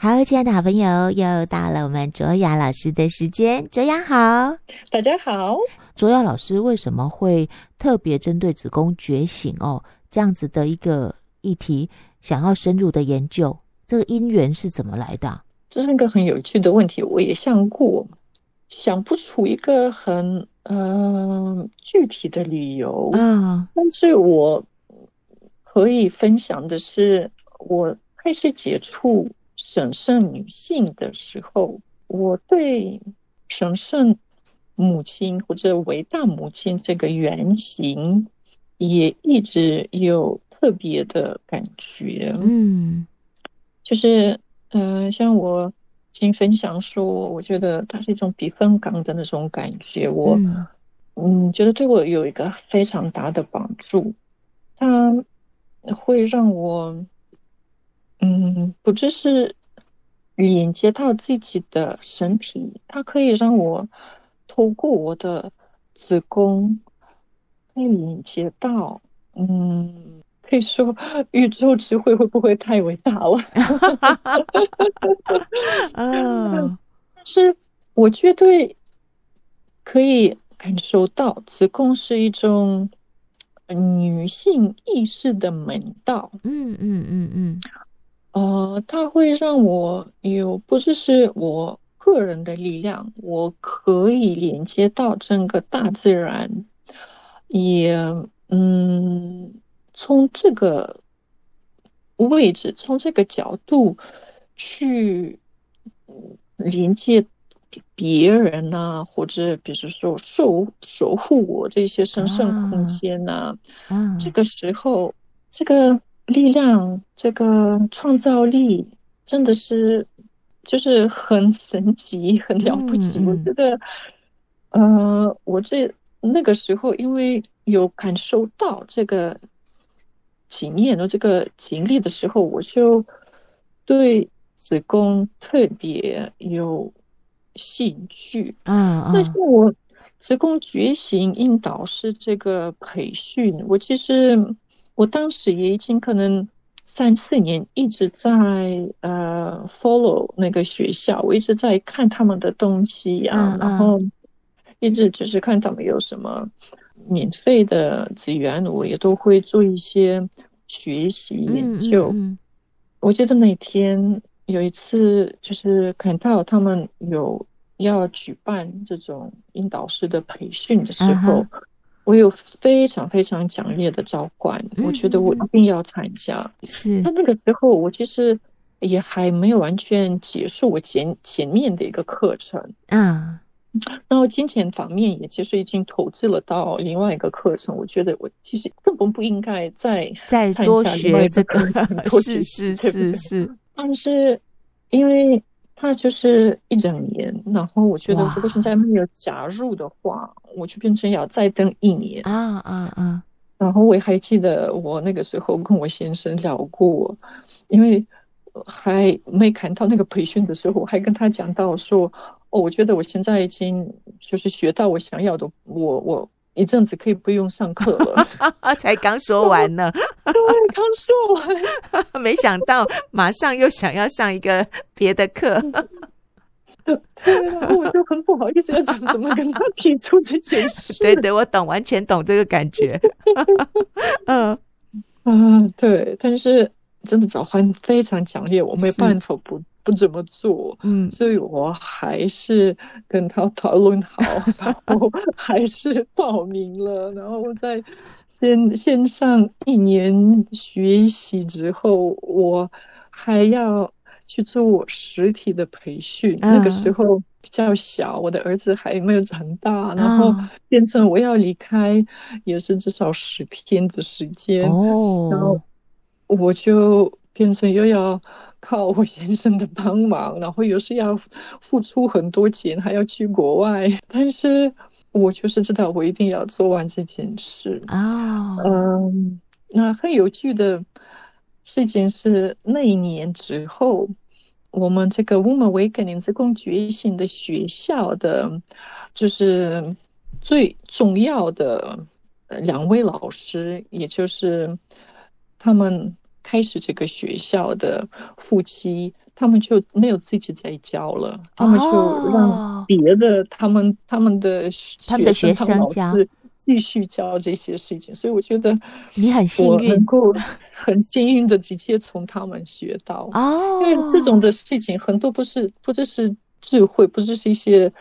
哈，好，親愛的好朋友，又到了我們卓雅老師的時間。卓雅好，大家好。卓雅老師為什麼會特別針對子宮覺醒哦這樣子的一個議題，想要深入的研究？這個因緣是怎麼來的？這是一個很有趣的問題，我也想過，想不出一個很嗯、呃、具體的理由。嗯、啊，但是我可以分享的是，我開始接觸。神聖女性的時候，我對神聖母親或者偉大母親這個原型也一直有特別的感覺。嗯，就是嗯、呃，像我聽分享說，我覺得它是一種避風港的那種感覺。我嗯，嗯，覺得對我有一個非常大的幫助，它會讓我。嗯，不只是連接到自己的身體，它可以讓我透過我的子宮被連接到，嗯，可以說宇宙智慧會不會太偉大了？啊 但是我絕對可以感受到，子宮是一種女性意識的門道。嗯嗯嗯嗯。嗯嗯啊、呃，它會讓我有不只是我個人的力量，我可以連接到整個大自然，也嗯，從這個位置，從這個角度去連接別人吶、啊，或者比如說守守護我這些神聖空間吶、啊啊嗯，這個時候這個。力量，這個創造力真的是，就是很神奇、很了不起。嗯、我覺得，嗯、呃，我這那個時候，因為有感受到這個經驗的這個經歷的時候，我就對子宮特別有興趣。啊嗯,嗯，但是，我子宮覺醒引導師這個培訓，我其實。我當時也已經可能三四年一直在呃 follow 那個學校，我一直在看他們的東西啊，uh -uh. 然後一直就是看他們有什麼免費的資源，我也都會做一些學習研究。Uh -huh. 我記得那天有一次，就是看到他們有要舉辦這種引導師的培訓的時候。Uh -huh. 我有非常非常強烈的召喚，我覺得我一定要參加。嗯。是，那那個之後我其實也還沒有完全結束我前前面的一個課程，嗯，然後金錢方面也其實已經投資了到另外一個課程。我覺得我其實根本不應該再加再多學這個課程，是是是是，是是是，但是因為。他就是一整年、嗯，然後我覺得如果現在沒有加入的話，我就變成要再等一年啊啊啊！然後我還記得我那個時候跟我先生聊過，因為還沒看到那個培訓的時候，我還跟他講到說，哦，我覺得我現在已經就是學到我想要的我，我我。一陣子可以不用上課了， 才剛說完呢。 對，剛說完， 沒想到馬上又想要上一個別的課， 對，我就很不好意思要講怎麼跟他提出這件事。對對，我懂，完全懂這個感覺， 嗯 嗯，對，但是。真的召喚非常強烈，我沒辦法不不怎麼做。嗯，所以我還是跟他討論好， 然後還是報名了。然後我在線，線上一年學習之後，我還要去做實體的培訓。嗯、那個時候比較小，我的兒子還沒有長大。嗯、然後變成我要離開，也是至少十天的時間。哦，然後。我就變成又要靠我先生的幫忙，然後又是要付出很多錢，還要去國外。但是，我就是知道我一定要做完這件事啊。嗯、oh. 呃，那很有趣的，事情是那一年之後，我們這個 “Woman w e k e n 覺醒的學校的，就是最重要的兩位老師，也就是。他們開始這個學校的夫妻，他們就沒有自己再教了，oh. 他們就讓別的他們他們的學生他們的學生們老師繼續教這些事情，所以我覺得我你很幸運，能夠很幸運的直接從他們學到，oh. 因為這種的事情很多不是不只是，是智慧，不只是，是一些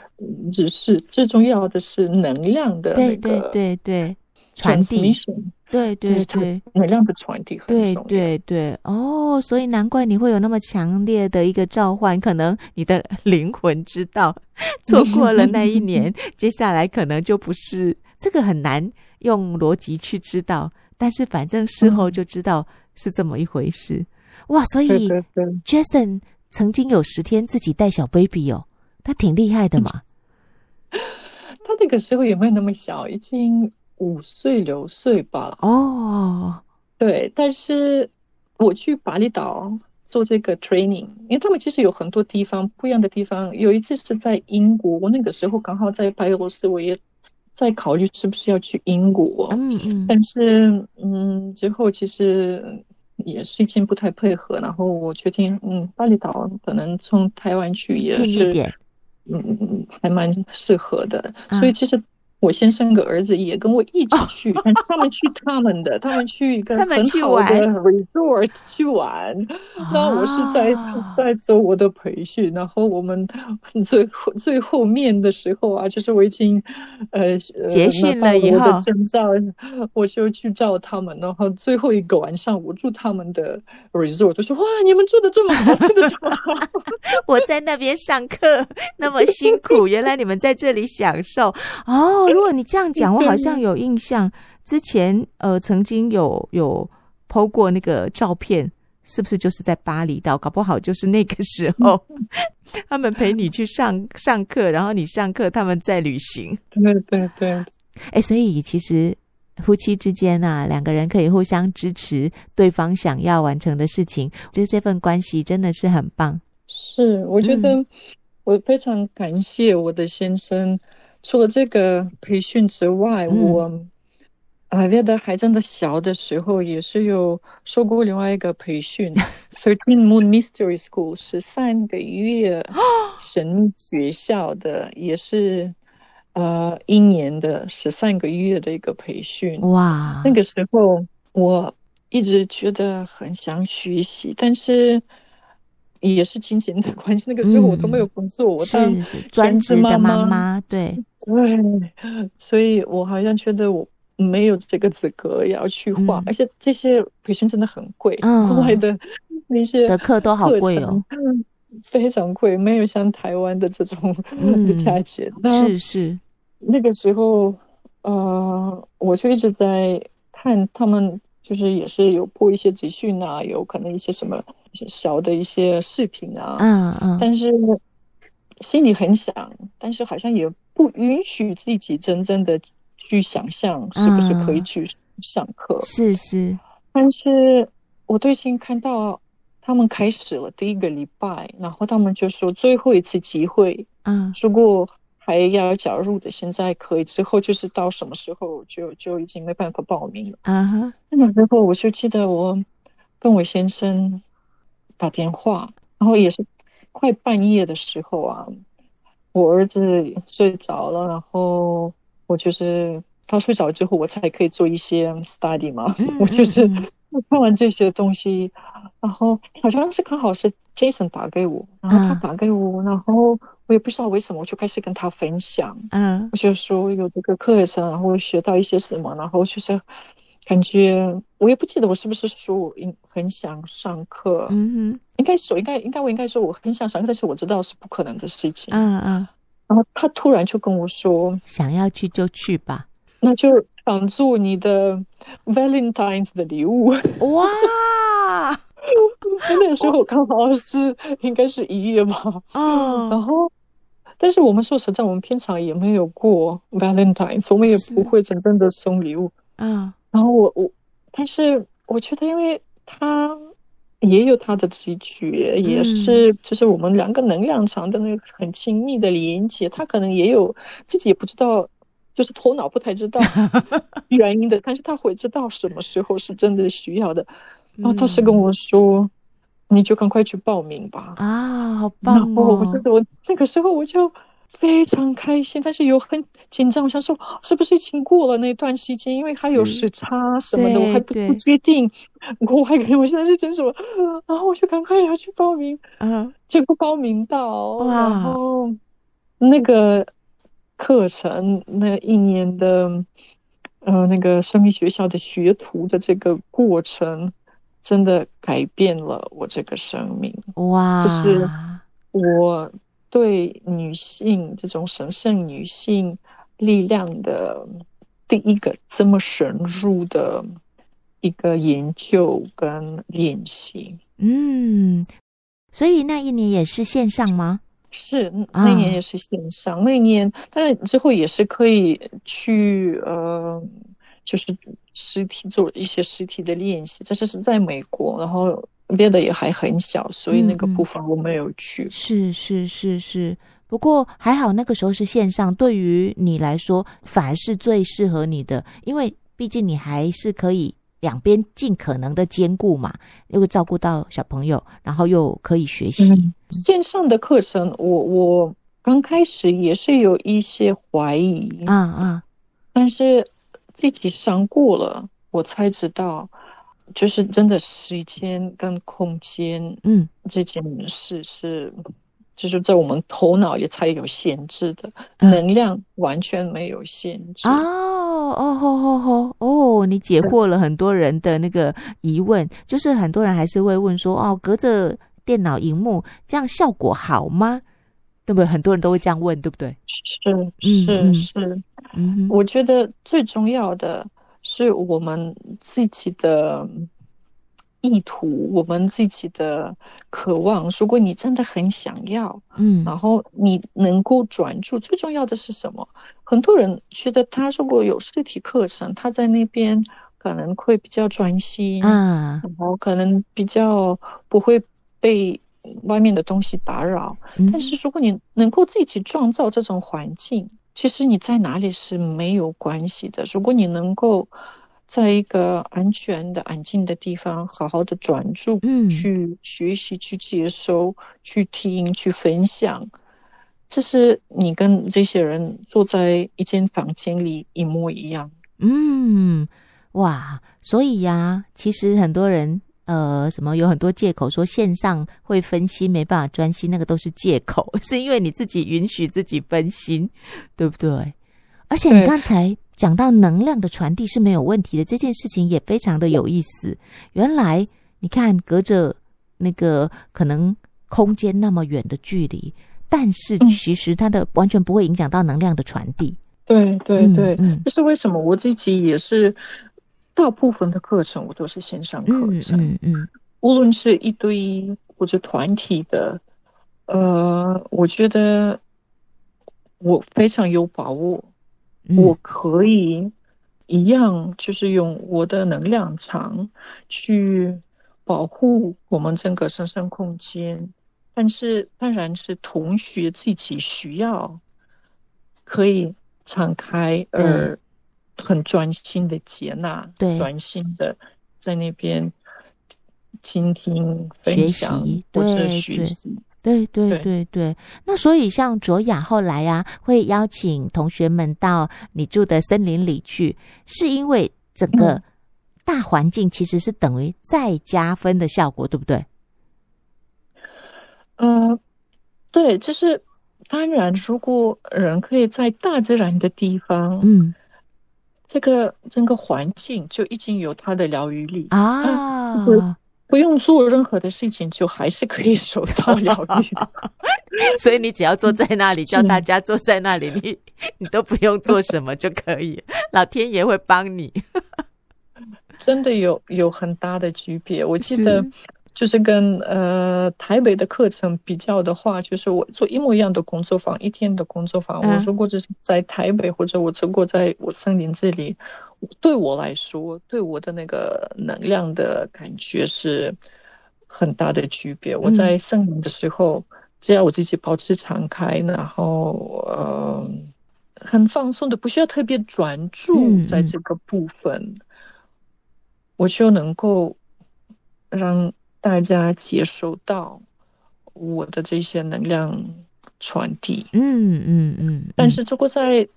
只是最重要的是能量的那個對對對對傳遞。對對對，能量的傳遞很重要。對對對，哦，所以難怪你會有那麼強烈的一個召喚，可能你的靈魂知道，錯過了那一年， 接下來可能就不是這個，很難用邏輯去知道，但是反正事後就知道是這麼一回事。嗯、哇，所以對對對 Jason 曾經有十天自己帶小 baby 哦，他挺厲害的嘛！ 他那個時候也沒有那麼小，已經。五歲六歲吧，哦，對，但是我去巴厘島做這個 training，因為他們其實有很多地方不一樣的地方。有一次是在英國，我那個時候剛好在白俄羅斯，我也在考慮是不是要去英國。嗯嗯。但是嗯，之後其實也是一些不太配合，然後我決定嗯，巴厘島可能從台灣去也是，嗯嗯嗯，還蠻適合的，嗯。所以其實。我先生個兒子也跟我一起去，oh, 他們去他們的， 他們去一個很好的，他們去玩，resort 去玩。那我是在在做我的培訓，oh. 然後我們最後最後面的時候啊，就是我已經呃，結訓了以後，我就去找他們。然後最後一個晚上，我住他們的 resort，就說哇，你們住的這麼好，吃的這麼好。 我在那邊上課那麼辛苦， 原來你們在這裡享受哦。Oh. 如果你這樣講，我好像有印象，之前呃曾經有有 PO 過那個照片，是不是就是在巴厘島？搞不好就是那個時候，他們陪你去上 上課，然後你上課，他們在旅行。對對對。哎、欸，所以其實夫妻之間啊，兩個人可以互相支持對方想要完成的事情，就是這份關係真的是很棒。是，我覺得我非常感謝我的先生。除了這個培訓之外，嗯、我，啊，V 的還真的小的時候也是有受過另外一個培訓，Thirteen Moon Mystery School 十三個月神學校的 也是，呃，一年的十三個月的一個培訓，哇，那個時候我一直覺得很想學習，但是。也是金錢的關係。那個時候我都沒有工作，嗯、我當專職的媽媽。對，對，所以我好像覺得我沒有這個資格要去畫，嗯，而且這些培訓真的很貴，嗯，國外的那些課，嗯、都好貴哦，非常貴，沒有像台灣的這種的價錢，嗯。是是，那個時候，呃，我就一直在看他們，就是也是有報一些集訓啊，有可能一些什麼。小的一些視頻啊，嗯嗯，但是心裡很想，但是好像也不允許自己真正的去想象，是不是可以去上課。嗯，是是，但是我最近看到他們開始了第一個禮拜，然後他們就說最後一次機會，嗯，如果還要加入的，現在可以，之後就是到什麼時候就就已經沒辦法報名了啊，嗯。那個時候我就記得我跟我先生打電話，然後也是快半夜的時候啊，我兒子睡着了，然後我就是他睡着之後，我才可以做一些 study 嘛。 我就是看完這些東西，然後好像是剛好是 Jason 打給我，然後他打給我，嗯，然後我也不知道為什麼，我就開始跟他分享，嗯，我就是，說有這個課程，然後我學到一些什麼，然後就是。感覺我也不記得我是不是說我應很想上課，嗯哼、嗯，應該說應該應該我應該說我很想上課，但是我知道是不可能的事情，嗯嗯。然後他突然就跟我說，想要去就去吧，那就當做你的，Valentine's 的禮物，哇， 那個時候剛好是應該是一月吧，嗯，然後，但是我們說實在，我們平常也沒有過 Valentine's，我們也不會真正的送禮物，嗯。然後我我，但是我覺得，因為他也有他的直覺、嗯，也是就是我們兩個能量場的那個很親密的連接，他可能也有自己也不知道，就是頭腦不太知道原因的， 但是他會知道什麼時候是真的需要的。然後他是跟我說：“嗯、你就趕快去報名吧。”啊，好棒哦！我覺得我那個時候我就。非常開心，但是又很緊張。我想說，是不是已經過了那一段時間？因為還有時差什麼的，我還不不確定。我還以為我現在是真什麼，然後我就趕快要去報名。啊、嗯，結果報名到哇，然後那個課程那一年的，呃，那個生命學校的學徒的這個過程，真的改變了我這個生命。哇，就是我。對女性這種神聖女性力量的第一個這麼深入的一個研究跟練習，嗯，所以那一年也是線上嗎？是、oh. 那年也是線上，那年但是之後也是可以去，嗯、呃，就是實體做一些實體的練習，這就是在美國，然後。變得也還很小，所以那個部分我沒有去、嗯。是是是是，不過還好那個時候是線上，對於你來說反而是最適合你的，因為畢竟你還是可以兩邊儘可能的兼顧嘛，又會照顧到小朋友，然後又可以學習、嗯、線上的課程。我我剛開始也是有一些懷疑啊啊、嗯嗯，但是自己上過了，我才知道。就是真的，時間跟空間，嗯，這件事是、嗯，就是在我們頭腦也才有限制的、嗯、能量，完全沒有限制。哦哦，好好好，哦，你解惑了很多人的那個疑問，是就是很多人還是會問說，哦，隔着電腦熒幕這樣效果好嗎？對不對？很多人都會這樣問，對不對？是，是是是、嗯，我覺得最重要的。是我們自己的意圖，我們自己的渴望。如果你真的很想要，嗯，然後你能夠專注，最重要的是什麼？很多人覺得，他如果有實體課程，他在那邊可能會比較專心，嗯，然後可能比較不會被外面的東西打擾。嗯。但是，如果你能夠自己創造這種環境，其實你在哪裡是沒有關係的。如果你能夠在一個安全的、安靜的地方，好好的專注，嗯，去學習、去接收、去聽、去分享，這是你跟這些人坐在一間房間裡一模一樣。嗯，哇，所以呀、啊，其實很多人。呃，什麼有很多借口說線上會分心，沒辦法專心，那個都是借口，是因為你自己允許自己分心，對不對？而且你剛才講到能量的傳遞是沒有問題的，這件事情也非常的有意思。原來你看隔着那個可能空間那麼遠的距離，但是其實它的完全不會影響到能量的傳遞。對對對，這、嗯嗯就是為什麼我自己也是。大部分的課程我都是線上課程，嗯嗯、嗯，無論是一對一或者團體的，呃，我覺得我非常有把握，嗯、我可以一樣，就是用我的能量場去保護我們整個神聖空間，但是當然是同學自己需要可以敞開而。很專心的接納，對，專心的在那邊傾聽，聽、分享或者學習，對對對對，對，對，對，對。那所以像卓雅後來呀、啊，會邀請同學們到你住的森林裡去，是因為整個大環境其實是等於再加分的效果，嗯、對不對？嗯、呃，對，就是當然，如果人可以在大自然的地方，嗯。這個整個環境就已經有它的療癒力啊，不用做任何的事情，就還是可以受到療癒。 所以你只要坐在那裡，叫大家坐在那裡，你你都不用做什麼就可以， 老天爺會幫你。 真的有有很大的區別，我記得。就是跟呃台北的課程比較的話，就是我做一模一樣的工作坊，一天的工作坊。嗯、我如果是在台北，或者我如果在我森林這裡，對我來說，對我的那個能量的感覺是很大的區別。嗯、我在森林的時候，只要我自己保持敞開，然後呃很放鬆的，不需要特別專注在這個部分，嗯、我就能夠讓。大家接收到我的這些能量傳遞，嗯嗯嗯。但是如果在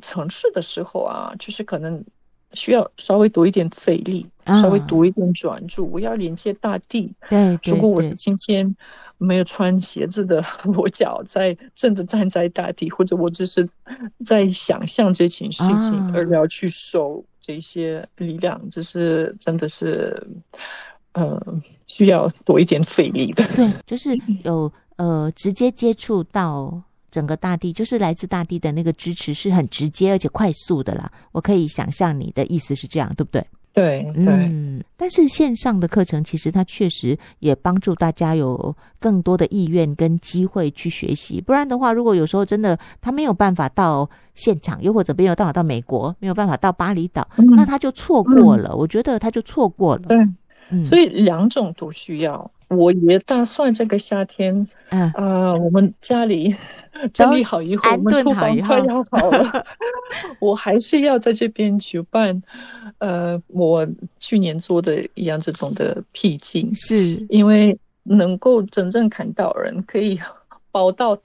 城市的時候啊，嗯、就是可能需要稍微多一點費力，啊，稍微多一點專注。我要連接大地。對對對。如果我是今天沒有穿鞋子的裸腳在正的站在大地，或者我只是在想象這件事情，而要去受這些力量，啊，這是真的是。呃，需要多一點費力的。對，就是有呃，直接接觸到整個大地，就是來自大地的那個支持是很直接而且快速的啦。我可以想象你的意思是這樣，對不對？對，對，嗯。但是線上的課程其實它確實也幫助大家有更多的意願跟機會去學習。不然的話，如果有時候真的他沒有辦法到現場，又或者沒有辦法到美國，沒有辦法到巴厘島，嗯，那他就錯過了。嗯，我覺得他就錯過了。對。所以兩種都需要、嗯。我也打算這個夏天，啊、嗯呃，我們家裡整理好以後、哦，我們廚房要好了，我還是要在這邊舉辦， 呃，我去年做的一樣這種的僻靜，是因為能夠真正看到人，可以。保到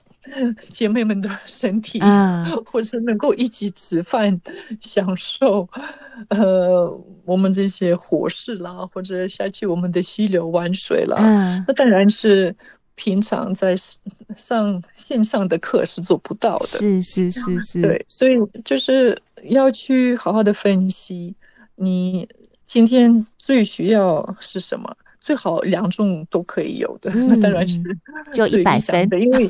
姐妹們的身體，uh, 或者能夠一起吃飯、享受，呃，我們這些伙食啦，或者下去我們的溪流玩水啦，那、uh, 當然是平常在上線上的課是做不到的。是是是是，是。對，所以就是要去好好的分析，你今天最需要是什麼？最好兩種都可以有的，嗯、那當然是就一百分，因為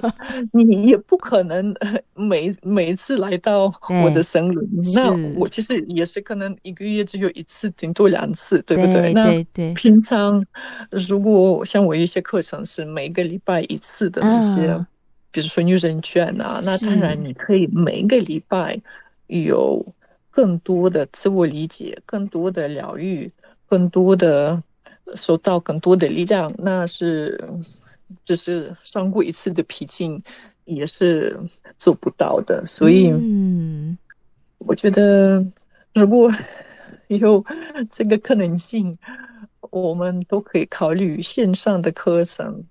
你也不可能每每一次來到我的森林，那我其實也是可能一個月只有一次，頂多兩次，對，對不對，對，對，對？那平常如果像我一些課程是每個禮拜一次的那些，哦、比如說女人圈啊，那當然你可以每個禮拜有更多的自我理解，更多的療癒，更多的、嗯。收到更多的力量，那是只是傷過一次的皮筋也是做不到的。所以，嗯，我覺得如果有這個可能性，我們都可以考慮線上的課程，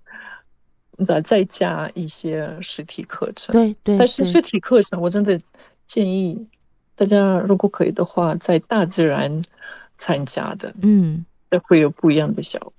再再加一些實體課程。對，對，對。但是實體課程，我真的建議大家如果可以的話，在大自然參加的。嗯。會有不一樣的效果。